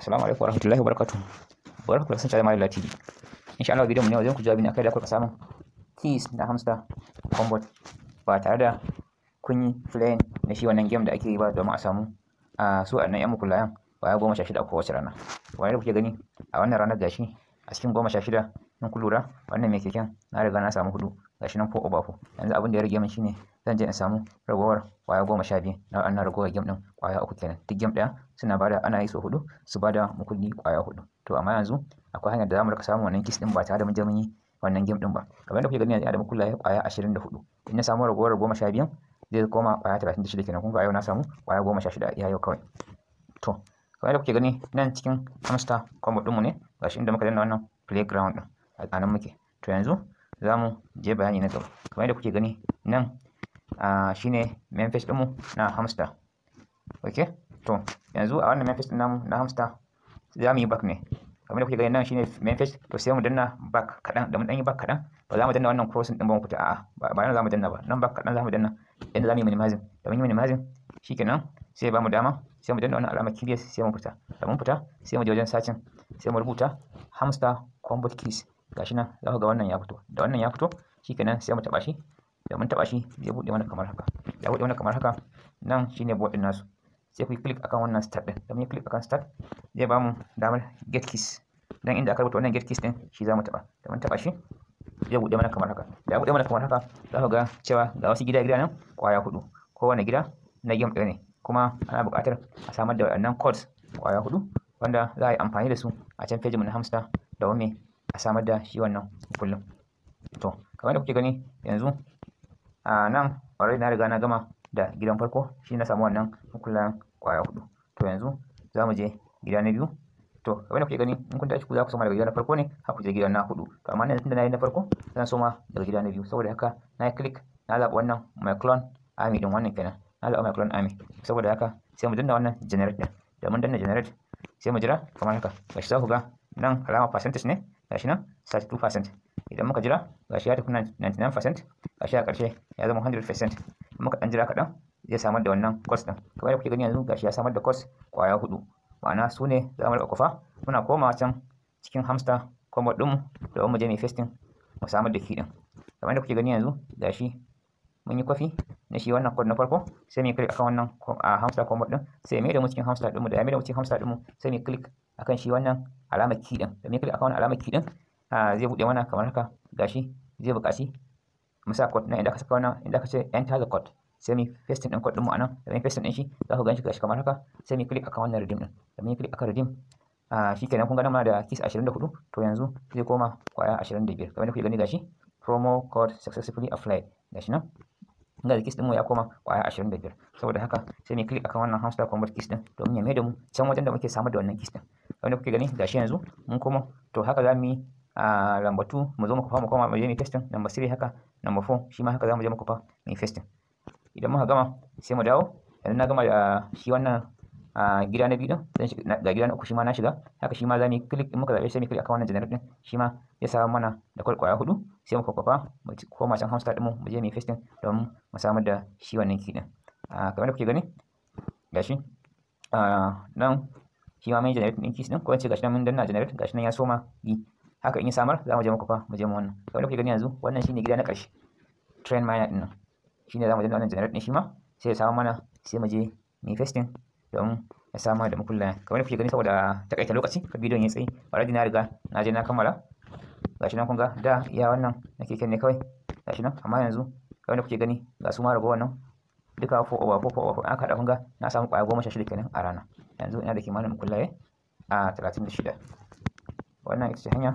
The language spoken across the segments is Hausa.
assalamu alaikum warahmatullahi wabarakatuh barka da sun channel Malala TV insha Allah bidiyon mu ne wajen ku jawabi ne akai da kuka samu keys da hamster combo ba tare da kun yi playing na shi wannan game da ake yi ba domin a samu a su a nan yan mukulayan baya goma sha shida a kowace rana wani da kuke gani a wannan ranar gashi a cikin goma sha shida in ku lura wannan mai keken na riga na samu hudu gashi nan 4 over 4 yanzu abin da ya rage min shine zan je in samu ragowar kwaya goma sha biyu na wannan ragowar game din kwaya uku kenan duk game ɗaya suna bada ana yi su hudu su bada mukulli kwaya hudu to amma yanzu akwai hanyar da za mu rika samun wannan kis ɗin ba tare da mun je mun yi wannan game din ba kamar da kuke gani yanzu ina da mukullaye kwaya ashirin da hudu in na samu ragowar goma sha biyun zai koma kwaya talatin da shida kenan kun ga yau na samu kwaya goma sha shida ya yau kawai to kamar da kuke gani nan cikin hamster combo ɗinmu ne gashi inda muka danna wannan playground ɗin a nan muke to yanzu za mu je bayani na gaba kamar yadda kuke gani nan shine main page ɗinmu na hamster ok to yanzu a wannan memphis page namu na hamster za mu yi back ne kamar da kuke gani nan shine ne memphis to sai mu danna back kaɗan da mu dan yi back kaɗan ba za mu danna wannan crossing ɗin ba mu fita a'a ba nan za mu danna ba nan back kaɗan za mu danna yadda za mu yi minimizing da mun yi minimizing shikenan sai ba mu dama sai mu danna wannan alamar curious sai mu fita da mun fita sai mu je wajen sacin sai mu rubuta hamster combo keys gashi nan za ku ga wannan ya fito da wannan ya fito shikenan sai mu taba shi da mun taba shi zai bude mana kamar haka ya bude mana kamar haka nan shine board din nasu sai ku yi click akan wannan start din da mun yi click akan start zai ba mu damar get keys dan inda aka rubuta wannan get keys din shi za mu taba da mun taba shi zai bude mana kamar haka da bude mana kamar haka za ku ga cewa ga wasu gida gida nan kwaya hudu kowane gida na game ɗaya ne kuma ana buƙatar a samar da waɗannan codes kwaya hudu wanda za a yi amfani da su a can fejin mu na hamster da wame samar da shi wannan kullum to kamar da kuke gani yanzu a nan already na riga na gama da gidan farko shi na samu wannan kullum kwaya hudu to yanzu za mu je gida na biyu to kamar da kuke gani in kun tashi ku za ku soma daga gida na farko ne har ku je gida na hudu to amma yanzu da na yi na farko zan soma daga gida na biyu saboda haka na yi click na zaɓi wannan my clone army din wannan kenan na zaɓi my clone army saboda haka sai mu danna wannan generate din da mun danna generate sai mu jira kamar haka gashi za ku ga nan alama percentage ne gashi nan 32% idan muka jira gashi ya tafi 99% gashi a ƙarshe ya zama 100% muka ɗan jira kaɗan zai samar da wannan course ɗin kamar yadda kuke gani yanzu gashi ya samar da course kwaya hudu ma'ana su ne za mu riƙa kufa muna koma can cikin hamster kuma ɗinmu da mu je mai festin mu samar da ki ɗin kamar yadda kuke gani yanzu gashi mun yi kofi. na shi wannan code na farko sai mu click akan wannan hamster combo din sai mai da mu cikin hamster din mu da ya mai da mu cikin hamster din mu sai mu click akan shi wannan alamar key din da mu click akan wannan alamar key din zai bude mana kamar haka gashi zai bukaci mu sa code na inda ka saka wannan inda ka ce enter the code sai mu paste din code din mu anan da mu paste din shi za ku ganshi gashi kamar haka sai mu click akan wannan redeem din da mu click akan redeem shi kenan kun ga muna da kis 24 to yanzu zai koma kwaya 25 kamar da kuke gani gashi promo code successfully applied gashi nan inda da kis din mu ya koma kwaya 25 saboda haka sai mu click akan wannan hamster convert kis din domin ya maida mu can wajen da muke samar da wannan kis din wanda kuke gani gashi yanzu mun koma to haka zamu yi a number 2 mu zo mu kafa mu koma mu je mu pasting number 3 haka number 4 shi ma haka zamu je mu kafa mu pasting idan muka gama sai mu dawo idan na gama da shi wannan a gida na biyu din ga gida na uku shi ma na shiga haka shi ma za mu yi click in muka zaɓe sai mu click akan wannan generate din shi ma ya samu mana da kwalkwaya hudu sai mu kwakwafa mu koma can hamster din mu mu je mu yi paste don mu samar da shi wannan key din kamar da kuke gani gashi nan shi ma mun generate din keys din ko in ce gashi nan mun danna generate gashi nan ya soma yi haka in ya samar za mu je mu kwafa mu je mu wannan kamar da kuke gani yanzu wannan shine gida na ƙarshe train miner din nan shine za mu danna wannan generate din shi ma sai ya samu mana sai mu je mu don ya samu da makulla kamar da kuke gani saboda takaita lokaci ka bidiyon ya tsayi rajin na riga na je na kammala shi nan kun ga da iya wannan na keke ne kawai shi nan amma yanzu kamar da kuke gani ga su ma wannan. nan duka 4 over 4 over 4 aka haɗa kun ga na samu ƙwaya goma sha shida kenan a rana yanzu ina da kimanin ya a talatin da shida wannan ita ce hanya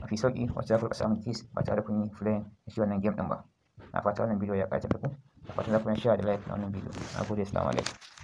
mafi sauƙi wacce za ku samu kis ba tare kun yi playing da shi wannan game ɗin ba na fata wannan bidiyo ya ƙayatar ku na fata za ku yi share da like na wannan bidiyo na gode assalamu alaikum